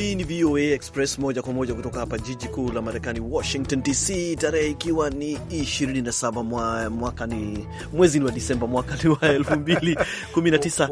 Hii ni VOA Express moja kwa moja kutoka hapa jiji kuu la Marekani, Washington DC, tarehe ikiwa ni 27 mwa, mwaka ni mwezi ni wa Disemba mwaka ni wa 2019.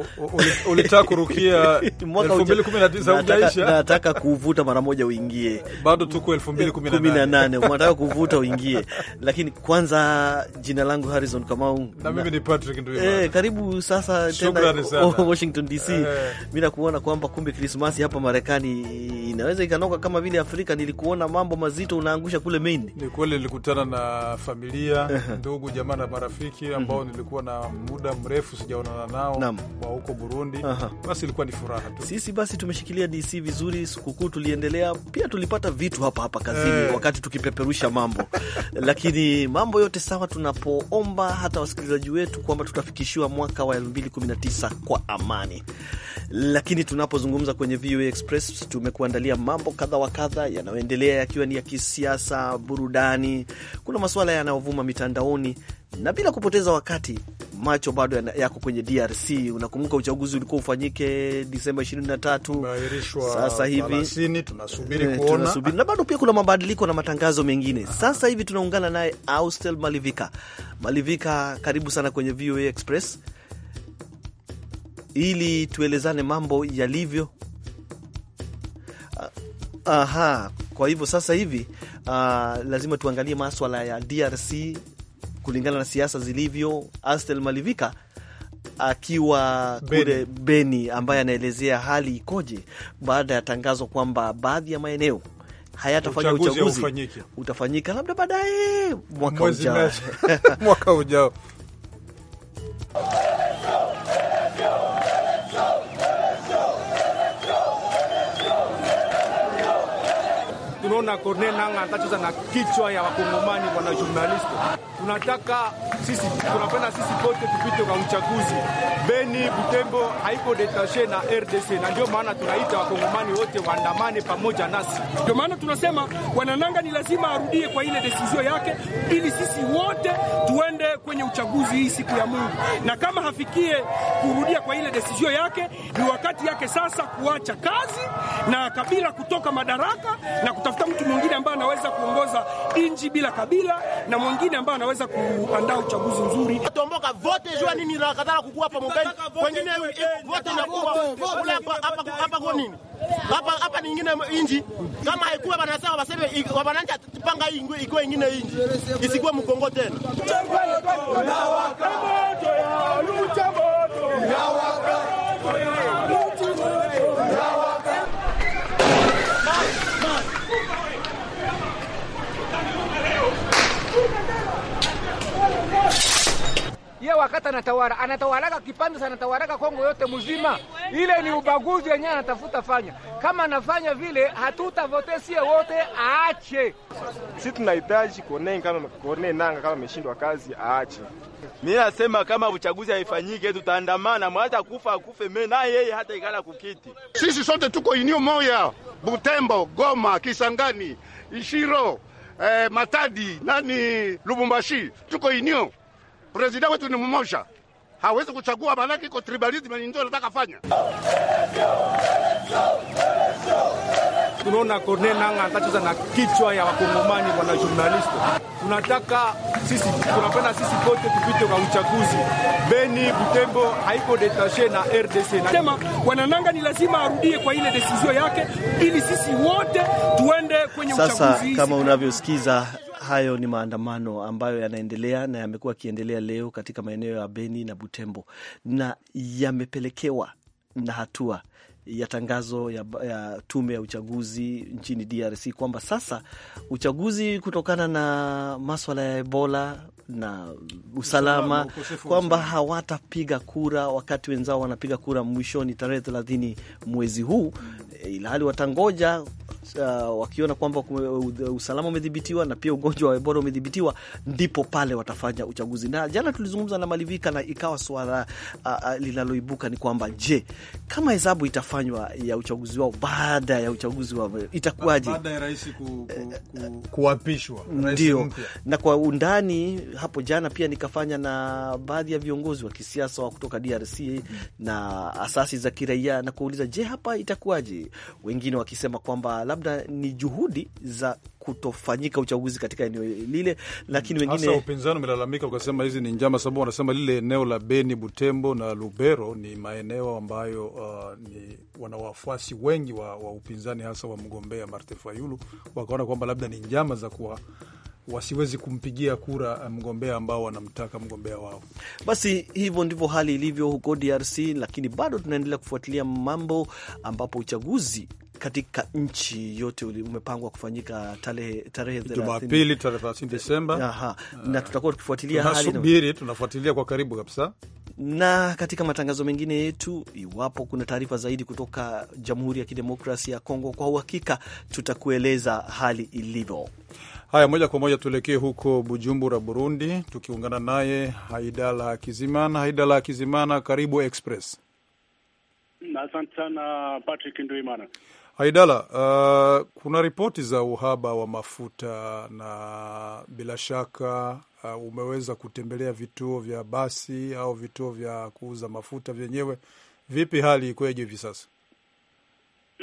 Ulitaka kurukia 2019 hujaisha. Nataka kuvuta mara moja uingie, bado tuko 2018. Unataka kuvuta uingie, lakini kwanza, jina langu Harrison Kamau na mimi ni Patrick Ndwimana. Eh, karibu sasa tena Washington DC. Eh. Mimi nakuona kwamba kumbe Krismasi hapa Marekani inaweza ikanoka kama vile Afrika. Nilikuona mambo mazito unaangusha kule Maine. Ni kweli, nilikutana na familia ndugu, jamaa na marafiki ambao mhm. nilikuwa na muda mrefu sijaonana nao wa huko Burundi. Aha. Basi ilikuwa ni furaha tu. Sisi basi tumeshikilia DC vizuri, sikukuu tuliendelea, pia tulipata vitu hapa hapa kazini eh, wakati tukipeperusha mambo lakini mambo yote sawa, tunapoomba hata wasikilizaji wetu kwamba tutafikishiwa mwaka wa 2019 kwa amani, lakini tunapozungumza kwenye VOA Express tume tumekuandalia mambo kadha wa kadha yanayoendelea yakiwa ni ya kisiasa, burudani, kuna masuala yanayovuma mitandaoni, na bila kupoteza wakati, macho bado yako kwenye DRC. Unakumbuka uchaguzi ulikuwa ufanyike Disemba 23, sasa hivi tunasubiri eh, kuona, tunasubiri. Na bado pia kuna mabadiliko na matangazo mengine. Sasa hivi tunaungana naye Austel Malivika. Malivika, karibu sana kwenye VOA Express ili tuelezane mambo yalivyo Aha, kwa hivyo sasa hivi uh, lazima tuangalie maswala ya DRC kulingana na siasa zilivyo. Astel Malivika akiwa Beni, kule Beni, ambaye anaelezea hali ikoje baada ya tangazo kwamba baadhi ya maeneo hayatafanya uchaguzi, uchaguzi utafanyika labda baadaye mwaka ujao mwaka ujao hakuna Corneille Nangaa atacheza na kichwa ya wakongomani bwana journalisti tunataka sisi, tunapenda sisi pote tupite kwa uchaguzi. Beni Butembo haiko detashe na RDC, na ndio maana tunaita wakongomani wote waandamane pamoja nasi. Ndio maana tunasema wanananga ni lazima arudie kwa ile desizio yake, ili sisi wote tuende kwenye uchaguzi hii siku ya Mungu, na kama hafikie kurudia kwa ile desizio yake, ni wakati yake sasa kuacha kazi na Kabila kutoka madaraka na kutafuta mtu mwingine ambaye anaweza kuongoza nchi bila Kabila na mwingine ambaye wanaweza kuandaa uchaguzi nzuri. Tomboka vote jua nini la kadara kukua hapa mbele. Wengine eh, vote na kwa hapa hapa hapa kwa nini? Hapa hapa ni nyingine inji. Kama haikuwa wanasema waseme wananja tupanga hii ingwe iko nyingine inji. Isikuwe mkongo tena. Na waka. Na waka. wakati anatawara anatawaraka kipande anatawalaka Kongo yote mzima. Ile ni ubaguzi yenyewe anatafuta fanya. Kama anafanya vile, hatutavote sie wote, aache. si tunahitaji kuone kama kuone nanga kama ameshindwa kazi aache. mi nasema kama uchaguzi haifanyike, tutaandamana mwata kufa akufe mimi na yeye hata ikala kukiti. Sisi sote tuko inio moya. Butembo, Goma, Kisangani, Ishiro, eh, Matadi, nani Lubumbashi, tuko inio Prezida wetu ni mmoja, hawezi kuchagua, maanake iko tribalism, ndio nataka fanya. Tunaona Corne Nanga atacheza na kichwa ya wakongomani wana journalist. Tunataka sisi, tunapenda sisi pote tupite kwa uchaguzi. Beni Butembo haiko detache na RDC. Nasema wana Nanga ni lazima arudie kwa ile decision yake, ili sisi wote tuende kwenye uchaguzi. Sasa kama unavyosikiza Hayo ni maandamano ambayo yanaendelea na yamekuwa yakiendelea leo katika maeneo ya Beni na Butembo, na yamepelekewa na hatua ya tangazo ya, ya tume ya uchaguzi nchini DRC kwamba sasa uchaguzi kutokana na maswala ya Ebola na usalama kwamba hawatapiga kura wakati wenzao wanapiga kura mwishoni tarehe thelathini mwezi huu, ilhali watangoja uh, wakiona kwamba uh, uh, usalama umedhibitiwa na pia ugonjwa wa Ebola umedhibitiwa, ndipo pale watafanya uchaguzi. Na jana tulizungumza na Malivika na ikawa swala uh, uh, linaloibuka ni kwamba je, kama hesabu itafanywa ya uchaguzi wao baada ya uchaguzi wao itakuwaje? Baada ya rais ku, ku, ku, eh, eh, kuapishwa ndio. Na kwa undani hapo jana pia nikafanya na baadhi ya viongozi wa kisiasa wa kutoka DRC na asasi za kiraia na kuuliza, je, hapa itakuwaje? Wengine wakisema kwamba labda ni juhudi za kutofanyika uchaguzi katika eneo lile, lakini wengine hasa upinzani umelalamika ukasema hizi ni njama, sababu wanasema lile eneo la Beni, Butembo na Lubero ni maeneo ambayo uh, ni wana wafuasi wengi wa, wa upinzani hasa wa mgombea Martin Fayulu, wakaona kwamba labda ni njama za kuwa wasiwezi kumpigia kura uh, mgombea ambao wanamtaka mgombea wao. Basi hivyo ndivyo hali ilivyo huko DRC, lakini bado tunaendelea kufuatilia mambo ambapo uchaguzi katika nchi yote umepangwa kufanyika tarehe tarehe Jumapili tarehe 30 Desemba. Aha, ah. na tutakuwa tukifuatilia hali na tunafuatilia kwa karibu kabisa na katika matangazo mengine yetu, iwapo kuna taarifa zaidi kutoka Jamhuri ya Kidemokrasia ya Kongo, kwa uhakika tutakueleza hali ilivyo. Haya, moja kwa moja tuelekee huko Bujumbura, Burundi, tukiungana naye Haidala Kizimana. Haidala Kizimana, karibu Express. Asante sana Patrick Nduimana. Haidala, uh, kuna ripoti za uhaba wa mafuta na bila shaka uh, umeweza kutembelea vituo vya basi au vituo vya kuuza mafuta vyenyewe. Vipi hali ikoje hivi sasa?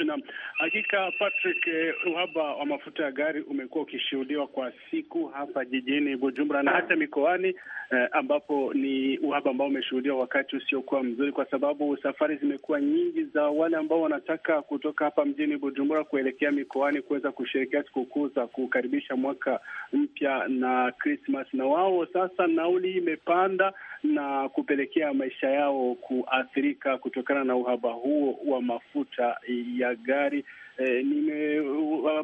Naam, hakika Patrick, eh, uhaba wa mafuta ya gari umekuwa ukishuhudiwa kwa siku hapa jijini Bujumbura na hata mikoani eh, ambapo ni uhaba ambao umeshuhudiwa wakati usiokuwa mzuri, kwa sababu safari zimekuwa nyingi za wale ambao wanataka kutoka hapa mjini Bujumbura kuelekea mikoani kuweza kusherehekea sikukuu za kukaribisha mwaka mpya na Krismas, na wao sasa nauli imepanda na kupelekea maisha yao kuathirika kutokana na uhaba huo wa mafuta ya gari. E, nime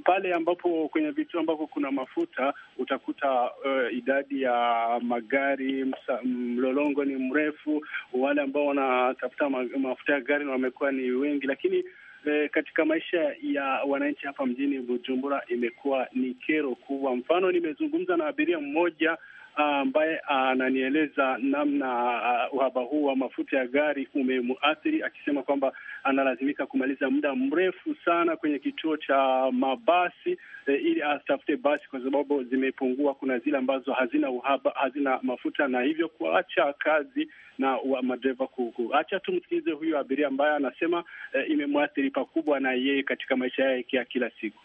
pale ambapo kwenye vituo ambavyo kuna mafuta utakuta uh, idadi ya magari msa, mlolongo ni mrefu. Wale ambao wanatafuta ma, mafuta ya gari na wamekuwa ni wengi, lakini E, katika maisha ya wananchi hapa mjini Bujumbura imekuwa ni kero kubwa. Mfano, nimezungumza na abiria mmoja Ah, ambaye ananieleza namna ah, uhaba huu wa mafuta ya gari umemuathiri, akisema kwamba analazimika kumaliza muda mrefu sana kwenye kituo cha mabasi e, ili atafute basi kwa sababu zimepungua. Kuna zile ambazo hazina uhaba, hazina mafuta na hivyo kuacha kazi na madereva kuacha tu. tumsikilize huyu abiria ambaye anasema e, imemwathiri pakubwa na yeye katika maisha yake ya kila siku.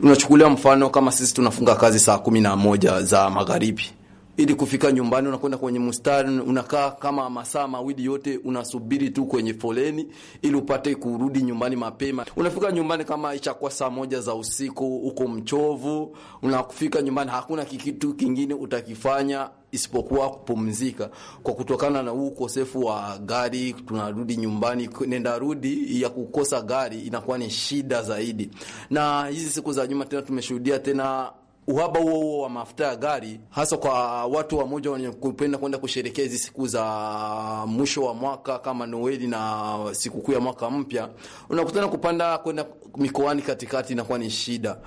Unachukulia mfano kama sisi tunafunga kazi saa kumi na moja za magharibi ili kufika nyumbani, unakwenda kwenye mstari, unakaa kama masaa mawili yote unasubiri tu kwenye foleni ili upate kurudi nyumbani mapema. Unafika nyumbani kama ishakuwa saa moja za usiku, uko mchovu, unafika nyumbani, hakuna kitu kingine utakifanya isipokuwa kupumzika kwa kutokana na huu ukosefu wa gari. Tunarudi nyumbani, nenda rudi ya kukosa gari inakuwa ni shida zaidi, na hizi siku za nyuma tena tumeshuhudia tena uhaba huo huo wa mafuta ya gari, hasa kwa watu wamoja wenye kupenda kwenda kusherekea hizi siku za mwisho wa mwaka kama Noeli na sikukuu ya mwaka mpya, unakutana kupanda kwenda mikoani katikati inakuwa ni shida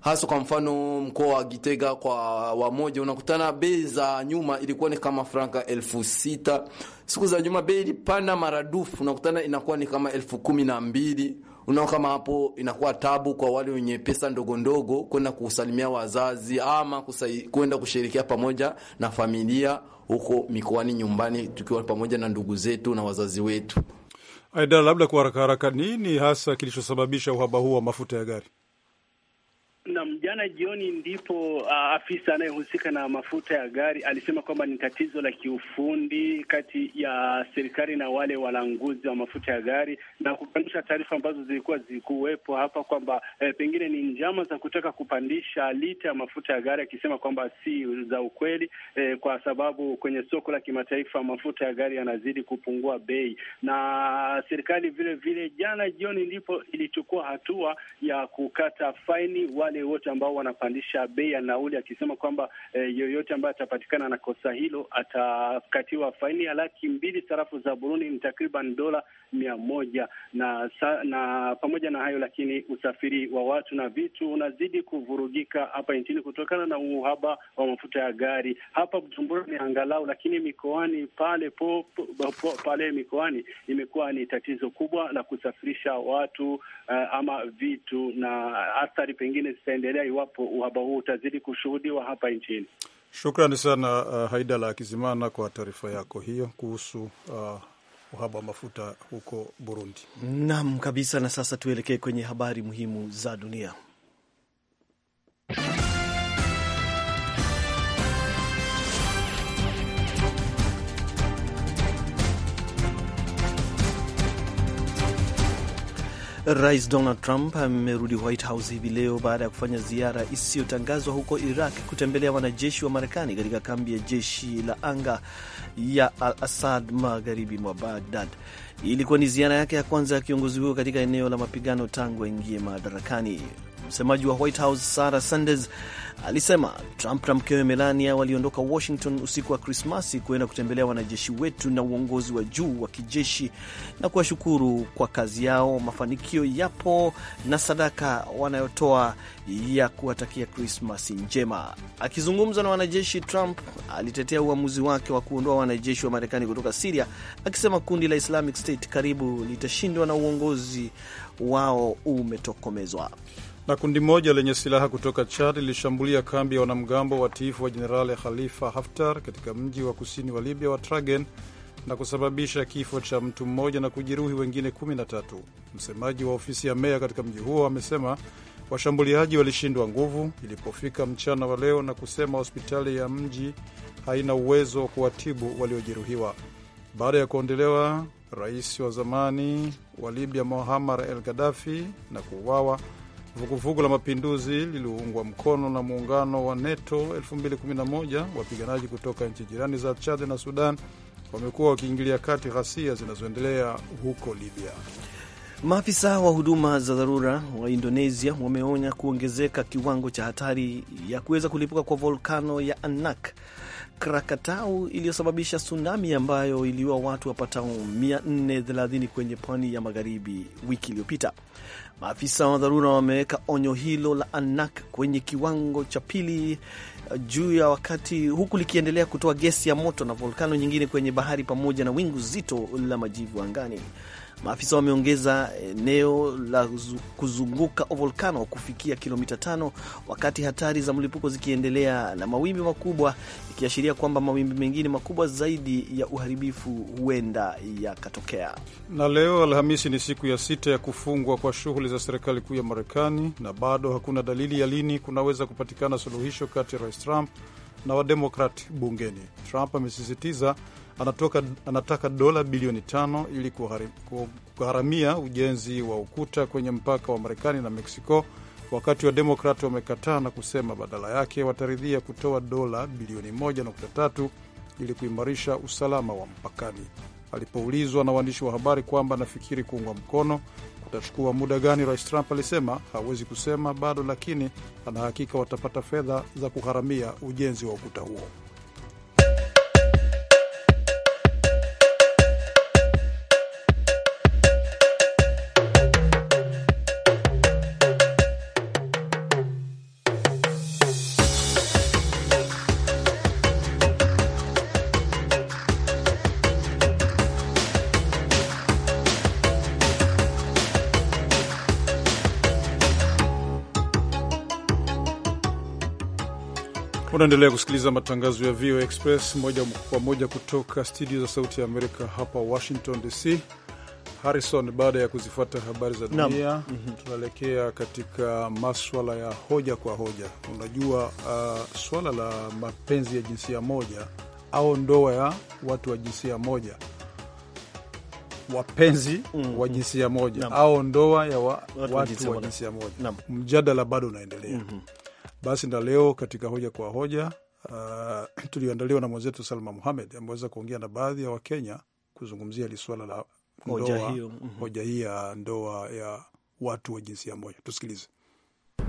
hasa kwa mfano mkoa wa Gitega kwa wamoja, unakutana bei za nyuma ilikuwa ni kama franka elfu sita siku za nyuma, bei ilipanda maradufu, unakutana inakuwa ni kama elfu kumi na mbili Unaona kama hapo inakuwa tabu kwa wale wenye pesa ndogo ndogo kwenda kusalimia wazazi ama kwenda kushirikia pamoja na familia huko mikoani nyumbani, tukiwa pamoja na ndugu zetu na wazazi wetu. Aida, labda kwa haraka haraka, nini hasa kilichosababisha uhaba huu wa mafuta ya gari? Naam, jana jioni ndipo uh, afisa anayehusika na mafuta ya gari alisema kwamba ni tatizo la kiufundi kati ya serikali na wale walanguzi wa mafuta ya gari, na kukanusha taarifa ambazo zilikuwa zikuwepo hapa kwamba eh, pengine ni njama za kutaka kupandisha lita ya mafuta ya gari, akisema kwamba si za ukweli eh, kwa sababu kwenye soko la kimataifa mafuta ya gari yanazidi kupungua bei, na serikali vile vile jana jioni ndipo ilichukua hatua ya kukata faini wale wale wote ambao wanapandisha bei ya nauli, akisema kwamba eh, yoyote ambaye atapatikana na kosa hilo atakatiwa faini ya laki mbili sarafu za Burundi, ni takriban dola mia moja na, na pamoja na hayo lakini usafiri wa watu na vitu unazidi kuvurugika hapa nchini kutokana na uhaba wa mafuta ya gari. Hapa Bujumbura ni angalau, lakini mikoani pale po, po, po, pale mikoani imekuwa ni tatizo kubwa la kusafirisha watu uh, ama vitu na athari pengine zitaendelea iwapo uhaba huu utazidi kushuhudiwa hapa nchini. Shukrani sana uh, Haida la Kizimana kwa taarifa yako hiyo kuhusu uh, uhaba wa mafuta huko Burundi. Naam kabisa, na sasa tuelekee kwenye habari muhimu za dunia. Rais Donald Trump amerudi White House hivi leo baada ya kufanya ziara isiyotangazwa huko Iraq kutembelea wanajeshi wa Marekani katika kambi ya jeshi la anga ya Al Asad magharibi mwa Baghdad. Ilikuwa ni ziara yake ya kwanza ya kiongozi huyo katika eneo la mapigano tangu aingie madarakani. Msemaji wa White House Sarah Sanders alisema Trump na mkewe Melania waliondoka Washington usiku wa Krismasi kuenda kutembelea wanajeshi wetu na uongozi wa juu wa kijeshi na kuwashukuru kwa kazi yao, mafanikio yapo na sadaka wanayotoa ya kuwatakia Krismasi njema. Akizungumza na wanajeshi, Trump alitetea uamuzi wake wa kuondoa wanajeshi wa Marekani kutoka Siria, akisema kundi la Islamic State karibu litashindwa na uongozi wao umetokomezwa. Na kundi moja lenye silaha kutoka Chad lilishambulia kambi ya wanamgambo watiifu wa Jenerali Khalifa Haftar katika mji wa kusini wa Libya wa Tragen na kusababisha kifo cha mtu mmoja na kujeruhi wengine 13. Msemaji wa ofisi ya meya katika mji huo amesema washambuliaji walishindwa nguvu ilipofika mchana wa leo na kusema hospitali ya mji haina uwezo wa kuwatibu waliojeruhiwa. Baada ya kuondolewa rais wa zamani wa Libya Muammar el Gaddafi na kuuawa Vuguvugu la mapinduzi liliungwa mkono na muungano wa NATO 2011. Wapiganaji kutoka nchi jirani za Chad na Sudan wamekuwa wakiingilia kati ghasia zinazoendelea huko Libya. Maafisa wa huduma za dharura wa Indonesia wameonya kuongezeka kiwango cha hatari ya kuweza kulipuka kwa volkano ya Anak Krakatau iliyosababisha tsunami ambayo iliua watu wapatao 430 kwenye pwani ya magharibi wiki iliyopita. Maafisa wa dharura wameweka onyo hilo la anak kwenye kiwango cha pili uh, juu ya wakati, huku likiendelea kutoa gesi ya moto na volkano nyingine kwenye bahari pamoja na wingu zito la majivu angani. Maafisa wameongeza eneo la kuzunguka volkano kufikia kilomita tano, wakati hatari za mlipuko zikiendelea na mawimbi makubwa, ikiashiria kwamba mawimbi mengine makubwa zaidi ya uharibifu huenda yakatokea. Na leo Alhamisi ni siku ya sita ya kufungwa kwa shughuli za serikali kuu ya Marekani, na bado hakuna dalili ya lini kunaweza kupatikana suluhisho kati ya Rais Trump na Wademokrati bungeni. Trump amesisitiza anatoka, anataka dola bilioni tano ili kugharamia ujenzi wa ukuta kwenye mpaka wa Marekani na Meksiko, wakati wa Demokrat wamekataa na kusema badala yake wataridhia kutoa dola bilioni moja nukta tatu ili kuimarisha usalama wa mpakani. Alipoulizwa na waandishi wa habari kwamba anafikiri kuungwa mkono kutachukua muda gani, Rais Trump alisema hawezi kusema bado, lakini anahakika watapata fedha za kugharamia ujenzi wa ukuta huo. Unaendelea kusikiliza matangazo ya VOA Express moja kwa moja kutoka studio za Sauti ya Amerika hapa Washington DC. Harrison, baada ya kuzifuata habari za dunia mm -hmm. Tunaelekea katika maswala ya hoja kwa hoja. Unajua uh, swala la mapenzi ya jinsia moja au ndoa ya watu wa jinsia moja wapenzi mm -hmm. wa mm. jinsia moja au ndoa ya wa, watu, watu wa jinsia moja, mjadala bado unaendelea mm -hmm. Basi na leo katika hoja kwa hoja uh, tulioandaliwa na mwenzetu Salma Muhamed ameweza kuongea na baadhi ya Wakenya kuzungumzia hili swala la hoja hiyo, mm -hmm. hoja hii ya ndoa ya watu wa jinsia moja. Tusikilize.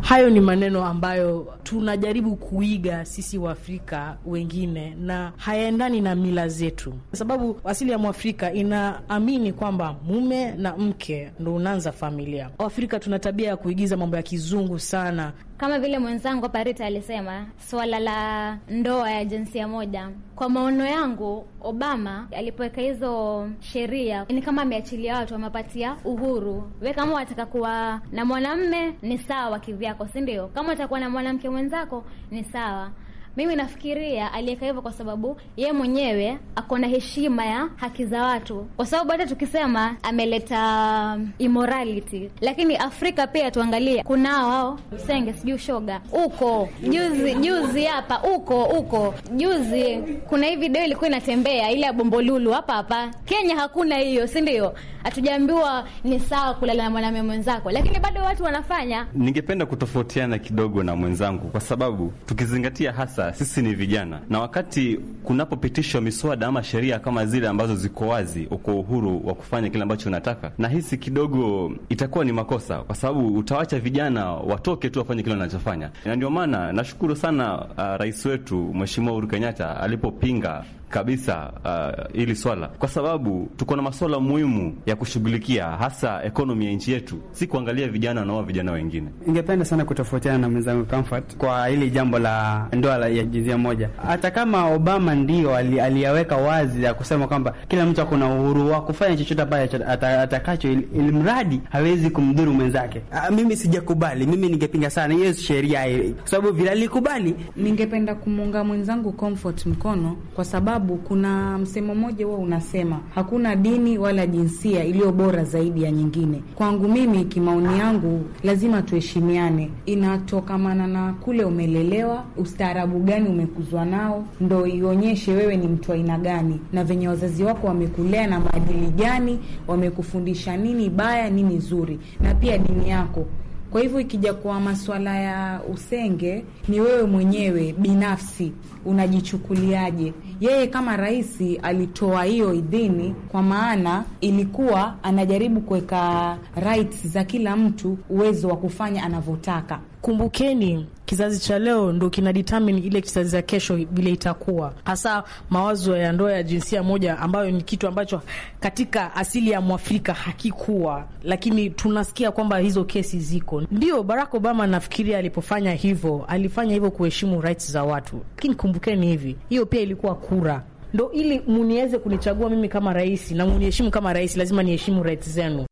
Hayo ni maneno ambayo tunajaribu kuiga sisi Waafrika wengine na hayaendani na mila zetu, kwa sababu asili ya Mwafrika inaamini kwamba mume na mke ndo unaanza familia. Waafrika tuna tabia ya kuigiza mambo ya kizungu sana, kama vile mwenzangu hapa Rita alisema swala la ndoa ya jinsia moja, kwa maono yangu, Obama alipoweka hizo sheria ni kama ameachilia watu, wamepatia uhuru. We kama wataka kuwa na mwanamme ni sawa kivyako, si ndio? Kama utakuwa na mwanamke mwenzako ni sawa, mimi nafikiria aliweka hivyo kwa sababu ye mwenyewe ako na heshima ya haki za watu, kwa sababu hata tukisema ameleta um, immorality, lakini Afrika pia tuangalie, kunao wao senge sijui shoga uko juzi juzi hapa uko uko juzi, kuna hii video ilikuwa inatembea ile ya Bombolulu hapa hapa Kenya, hakuna hiyo, si ndio? hatujaambiwa ni sawa kulala na mwanamume mwenzako, lakini bado watu wanafanya. Ningependa kutofautiana kidogo na mwenzangu, kwa sababu tukizingatia hasa sisi ni vijana, na wakati kunapopitishwa miswada ama sheria kama zile ambazo ziko wazi, uko uhuru wa kufanya kile ambacho unataka, nahisi kidogo itakuwa ni makosa, kwa sababu utawacha vijana watoke tu wafanye kile wanachofanya, na ndio maana nashukuru sana uh, rais wetu Mheshimiwa Uhuru Kenyatta alipopinga kabisa uh, hili swala, kwa sababu tuko na masuala muhimu ya kushughulikia, hasa ekonomi ya nchi yetu, si kuangalia vijana na wao vijana wengine. Ningependa sana kutofautiana na mwenzangu Comfort kwa hili jambo la ndoa ya jinsia moja. Hata kama Obama ndio aliyaweka wazi ya kusema kwamba kila mtu ako na uhuru wa kufanya chochote pale atakacho, ili mradi hawezi kumdhuru mwenzake. Ah, mimi sijakubali, mimi ningepinga sana hiyo sheria, kwa sababu vile alikubali. Ningependa kumunga mwenzangu Comfort mkono kwa sababu sababu kuna msemo mmoja huwa unasema hakuna dini wala jinsia iliyo bora zaidi ya nyingine. Kwangu mimi, kimaoni yangu, lazima tuheshimiane. Inatokamana na kule umelelewa, ustaarabu gani umekuzwa nao, ndo ionyeshe wewe ni mtu aina gani, na venye wazazi wako wamekulea na maadili gani, wamekufundisha nini baya, nini zuri, na pia dini yako. Kwa hivyo ikija kuwa maswala ya usenge, ni wewe mwenyewe binafsi unajichukuliaje? Yeye kama rais alitoa hiyo idhini, kwa maana ilikuwa anajaribu kuweka rights za kila mtu, uwezo wa kufanya anavyotaka kumbukeni kizazi cha leo ndo kina determine ile kizazi cha kesho vile itakuwa, hasa mawazo ya ndoa ya jinsia moja, ambayo ni kitu ambacho katika asili ya Mwafrika hakikuwa, lakini tunasikia kwamba hizo kesi ziko. Ndio Barack Obama nafikiria alipofanya hivyo, alifanya hivyo kuheshimu rights za watu, lakini kumbukeni hivi, hiyo pia ilikuwa kura ndo ili muniweze kunichagua mimi kama rais na muniheshimu kama rais, lazima niheshimu rights zenu.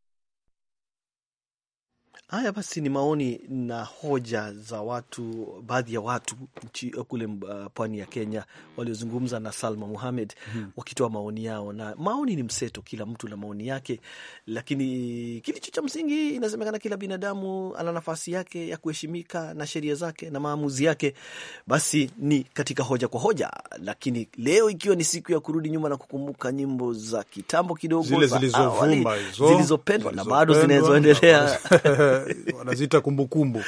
Haya basi, ni maoni na hoja za watu, baadhi ya watu kule uh, pwani ya Kenya waliozungumza na Salma Muhamed hmm, wakitoa maoni yao, na maoni ni mseto, kila mtu na maoni yake, lakini kilicho cha msingi inasemekana kila binadamu ana nafasi yake ya kuheshimika na sheria zake na maamuzi yake. Basi ni katika hoja kwa hoja, lakini leo ikiwa ni siku ya kurudi nyuma na kukumbuka nyimbo za kitambo kidogo zilizopendwa na bado zinazoendelea wanaziita kumbukumbu.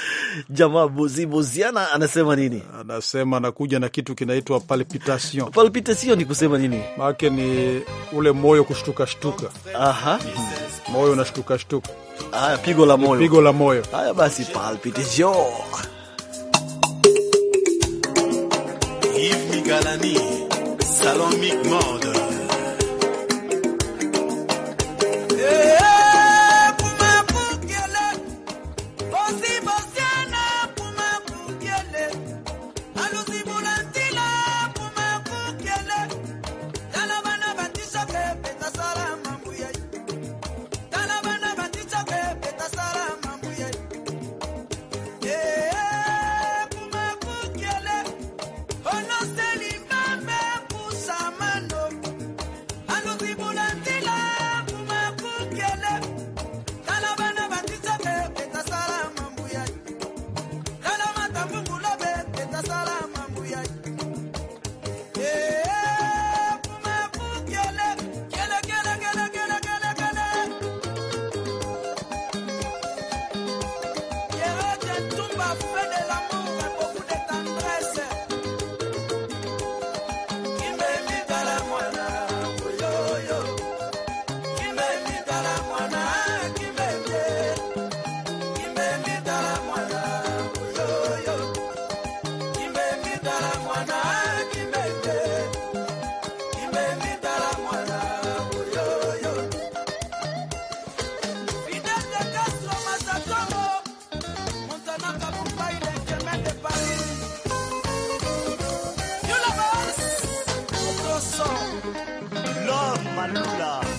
Jamaa bozi boziana anasema nini? Anasema anakuja na kitu kinaitwa palpitation. Palpitation ni kusema nini? Maake ni ule moyo kushtuka shtuka. Aha, moyo unashtuka shtuka. Aya, pigo la moyo, pigo la moyo. Aya basi, palpitation Yves Migalani, Salon Mode マルーラ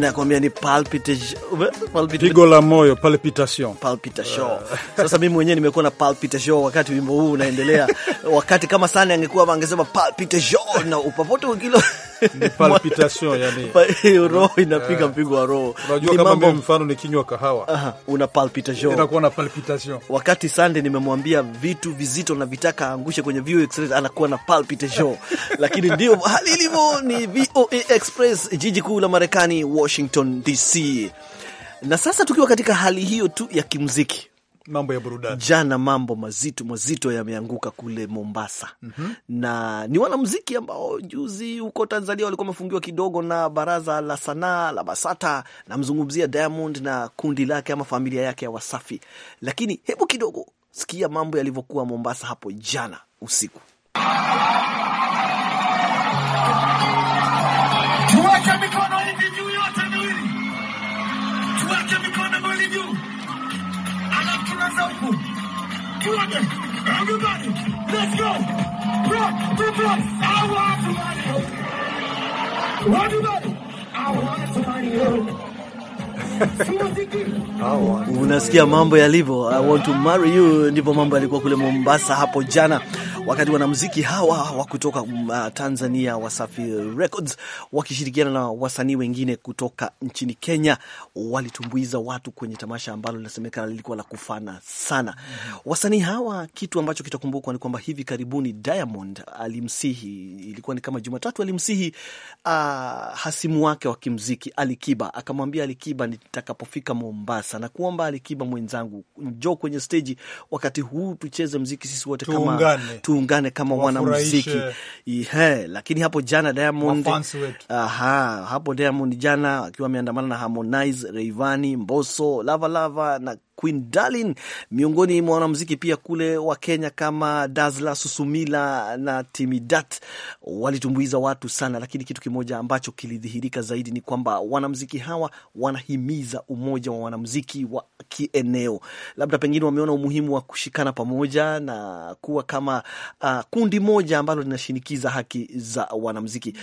nakwambia ni pigo la moyo palpitation, palpitation. Sasa mimi mwenyewe nimekuwa na palpitation wakati wimbo huu unaendelea, wakati kama sana angekuwa angesema palpitation na upapote ukilo palpitation yani. Eh, roho eh. inapiga mpigo wa roho. Unajua kama mimi mfano ni kinywa kahawa. Aha, una palpitation. Inakuwa na palpitation. Wakati Sande nimemwambia vitu vizito na vitaka angushe kwenye VOA Express anakuwa na palpitation. Lakini ndio hali ilivyo ni VOA Express jiji kuu la Marekani Washington DC. Na sasa tukiwa katika hali hiyo tu ya kimuziki mambo ya burudani. Jana mambo mazito mazito yameanguka kule Mombasa mm -hmm. na ni wanamuziki ambao juzi huko Tanzania walikuwa wamefungiwa kidogo na baraza la sanaa la BASATA. Namzungumzia Diamond na kundi lake ama familia yake ya Wasafi, lakini hebu kidogo sikia mambo yalivyokuwa Mombasa hapo jana usiku 200. Everybody, let's go. Rock, block, block. I want somebody. Everybody, I want somebody. Unasikia mambo yalivyo, I want to marry you. Ndivyo mambo yalikuwa kule Mombasa hapo jana, wakati wanamuziki hawa wa kutoka mm, uh, Tanzania Wasafi Records wakishirikiana na wasanii wengine kutoka nchini Kenya walitumbuiza watu kwenye tamasha ambalo linasemekana lilikuwa la kufana sana. Wasanii hawa, kitu ambacho kitakumbukwa ni kwamba hivi karibuni Diamond alimsihi, ilikuwa ni kama Jumatatu, alimsihi uh, hasimu wake wa kimziki Alikiba, akamwambia Alikiba ni nitakapofika Mombasa na kuomba Alikiba mwenzangu, njo kwenye steji wakati huu tucheze mziki sisi wote tuungane, kama, tuungane kama wanamziki Ihe, lakini hapo jana Diamond, aha, hapo Diamond jana akiwa ameandamana na Harmonize, Rayvanny, Mbosso, Lava Lava na Queen Darling, miongoni mwa wanamuziki pia kule wa Kenya kama Dazla Susumila na Timidat walitumbuiza watu sana, lakini kitu kimoja ambacho kilidhihirika zaidi ni kwamba wanamuziki hawa wanahimiza umoja wa wanamuziki wa kieneo. Labda pengine wameona umuhimu wa kushikana pamoja na kuwa kama uh, kundi moja ambalo linashinikiza haki za wanamuziki,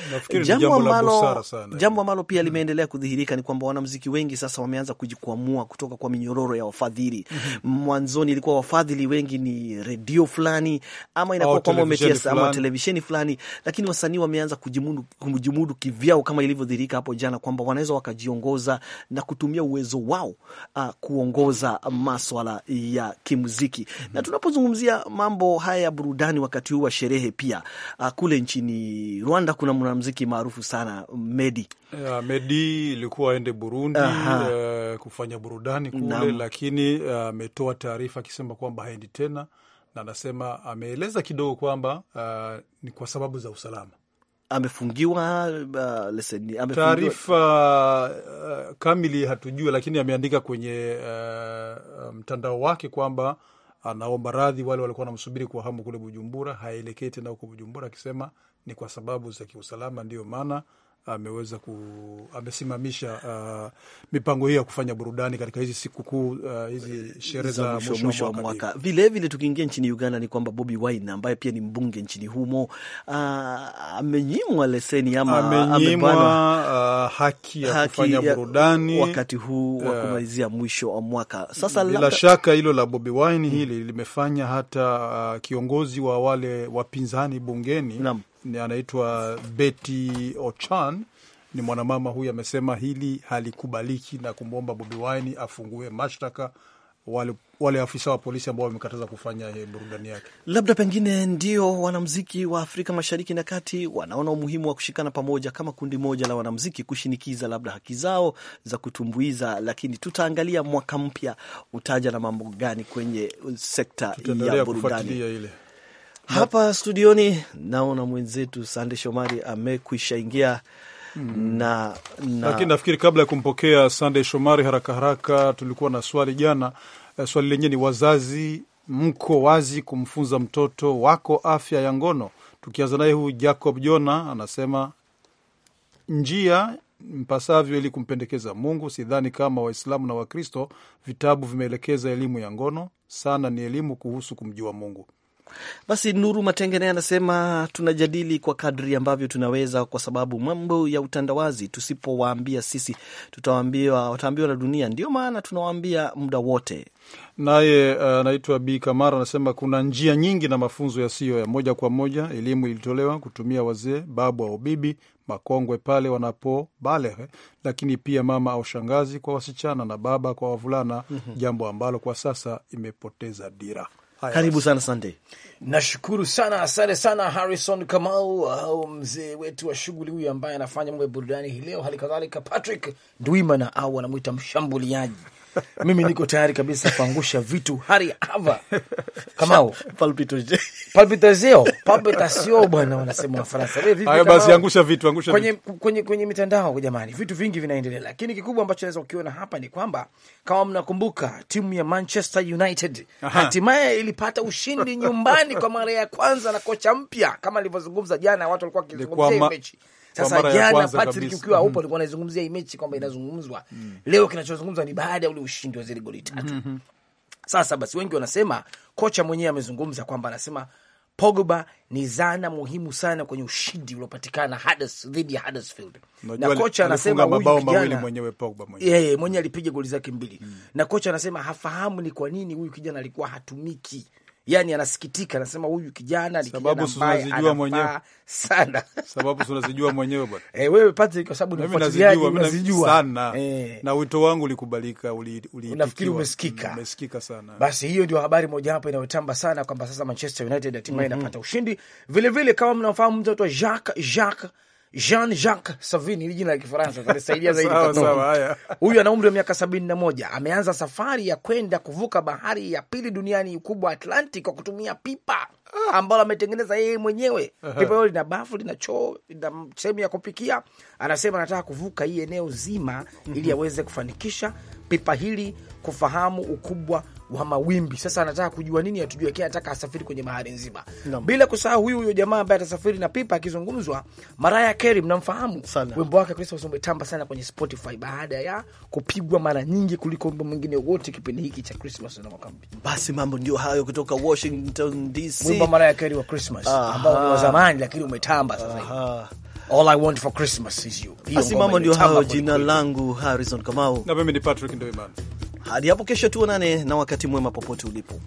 jambo ambalo jambo ambalo pia hmm. limeendelea kudhihirika ni kwamba wanamuziki wengi sasa wameanza kujikwamua kutoka kwa minyororo ya wafadhili mwanzoni, ilikuwa wafadhili wengi ni redio fulani ama inakuwa kwamba umetia ama televisheni fulani, lakini wasanii wameanza kujimudu, kujimudu kivyao kama ilivyodhirika hapo jana kwamba wanaweza wakajiongoza na kutumia uwezo wao uh, kuongoza maswala ya kimuziki mm -hmm. Na tunapozungumzia mambo haya ya burudani wakati huu wa sherehe pia uh, kule nchini Rwanda kuna mwanamuziki maarufu sana Medi Yeah, Medi ilikuwa aende Burundi uh, kufanya burudani kule Lakini eh, ametoa uh, taarifa akisema kwamba haendi tena, na anasema ameeleza kidogo kwamba uh, ni kwa sababu za usalama amefungiwa uh, leseni ame Taarifa uh, kamili hatujui, lakini ameandika kwenye uh, mtandao wake kwamba anaomba radhi wale walikuwa wanamsubiri kwa hamu kule Bujumbura, haelekei tena huko Bujumbura, akisema ni kwa sababu za kiusalama, ndiyo maana ameweza ku, amesimamisha uh, mipango hiyo ya kufanya burudani katika hizi sikukuu uh, hizi sherehe za mwisho wa mwaka. Vilevile tukiingia nchini Uganda ni kwamba Bobi Wine ambaye pia ni mbunge nchini humo uh, amenyimwa leseni ama amenyimwa uh, haki ya haki kufanya ya burudani wakati huu wa uh, kumalizia mwisho wa mwaka. Sasa bila laka... shaka hilo la Bobi Wine hmm. hili limefanya hata uh, kiongozi wa wale wapinzani bungeni Lam anaitwa Betty Ochan, ni mwanamama huyu, amesema hili halikubaliki na kumwomba Bobi Wine afungue mashtaka wale, wale afisa wa polisi ambao wamekataza kufanya eh, burudani yake. Labda pengine ndio wanamziki wa Afrika Mashariki na Kati wanaona umuhimu wa kushikana pamoja kama kundi moja la wanamziki kushinikiza labda haki zao za kutumbuiza, lakini tutaangalia mwaka mpya utaja na mambo gani kwenye sekta ya burudani. Hapa studioni naona mwenzetu Sande Shomari amekwisha ingia hmm. na, na... nafikiri kabla ya kumpokea Sande Shomari haraka haraka, tulikuwa na swali jana. Eh, swali lenyewe ni wazazi, mko wazi kumfunza mtoto wako afya ya ngono? Tukianza naye huyu Jacob Jona anasema njia mpasavyo ili kumpendekeza Mungu. Sidhani kama Waislamu na Wakristo vitabu vimeelekeza elimu ya ngono sana, ni elimu kuhusu kumjua Mungu. Basi Nuru Matengene anasema tunajadili kwa kadri ambavyo tunaweza, kwa sababu mambo ya utandawazi tusipowaambia sisi tutawaambiwa, wataambiwa na dunia. Ndio maana tunawaambia muda wote. Naye eh, anaitwa uh, Bi Kamara anasema kuna njia nyingi na mafunzo yasiyo ya moja kwa moja. Elimu ilitolewa kutumia wazee, babu au bibi makongwe pale wanapo balehe, eh, lakini pia mama au shangazi kwa wasichana na baba kwa wavulana, mm -hmm. jambo ambalo kwa sasa imepoteza dira. Karibu sana Sande. Nashukuru sana, asante sana Harrison Kamau au mzee wetu wa shughuli huyu ambaye anafanya mambo ya burudani hii leo, hali kadhalika Patrick Ndwimana au anamwita mshambuliaji mimi niko tayari kabisa kuangusha vitu hari hava kamao palpitasio bwana, wanasema Wafaransa. Haya basi, angusha vitu, angusha kwenye, vitu. Kwenye, kwenye mitandao jamani, vitu vingi vinaendelea, lakini kikubwa ambacho naweza kukiona hapa ni kwamba kama mnakumbuka timu ya Manchester United hatimaye ilipata ushindi nyumbani kwa mara ya kwanza na kocha mpya, kama alivyozungumza jana, watu walikuwa wakizungumzia mechi sasa jana Patrick, ukiwa upo, mm-hmm. alikuwa anazungumzia hii mechi kwamba mm-hmm. inazungumzwa mm. Leo kinachozungumzwa ni baada ya ule ushindi wa zile goli tatu mm -hmm. Sasa basi, wengi wanasema kocha mwenyewe amezungumza kwamba anasema Pogba ni zana muhimu sana kwenye ushindi uliopatikana dhidi ya Huddersfield, na kocha anasema mwenyewe Pogba mwenyewe yeye mwenyewe alipiga goli zake mbili mm. na kocha anasema hafahamu ni kwa nini huyu kijana alikuwa hatumiki yani anasikitika, anasema huyu kijana ni kijana ambaye anafaa sana sababu mwenyewe bwana. Eh, wewe Patrick, kwa sababu unazijua sana e. Na wito wangu ulikubalika, uliitikiwa. Unafikiri umesikika? Umesikika mm, sana. Basi hiyo ndio habari moja hapo inayotamba sana kwamba sasa Manchester United hatimaye mm -hmm. inapata ushindi. Vile vile kama mnafahamu mtoto wa Jacques Jacques Jean-Jacques Savini, ni jina la Kifaransa tanisaidia zaidi. Huyu ana umri wa miaka sabini na moja. Ameanza safari ya kwenda kuvuka bahari ya pili duniani kubwa Atlantic kwa kutumia pipa ah. ambalo ametengeneza yeye mwenyewe. Pipa hiyo lina bafu, lina choo, lina sehemu ya kupikia. Anasema anataka kuvuka hii eneo zima ili mhm. aweze kufanikisha pipa hili kufahamu ukubwa wa mawimbi. Sasa anataka kujua nini, atujuekea, anataka asafiri kwenye bahari nzima no. Bila kusahau huyu huyo jamaa ambaye atasafiri na pipa akizungumzwa, Mariah Carey, mnamfahamu wimbo wake Christmas umetamba sana kwenye Spotify baada ya kupigwa mara nyingi kuliko wimbo mwingine wote kipindi hiki cha Christmas na mwaka mpya. Basi mambo ndio hayo kutoka Washington DC, wimbo Mariah Carey wa Christmas ambao wa zamani, lakini umetamba sasa hivi. All I want for Christmas is you. Basi mambo ndio hayo. Jina langu Harrison Kamau na mimi ni Patrick Ndoiman. Hadi hapo kesho tuonane, na wakati mwema popote ulipo.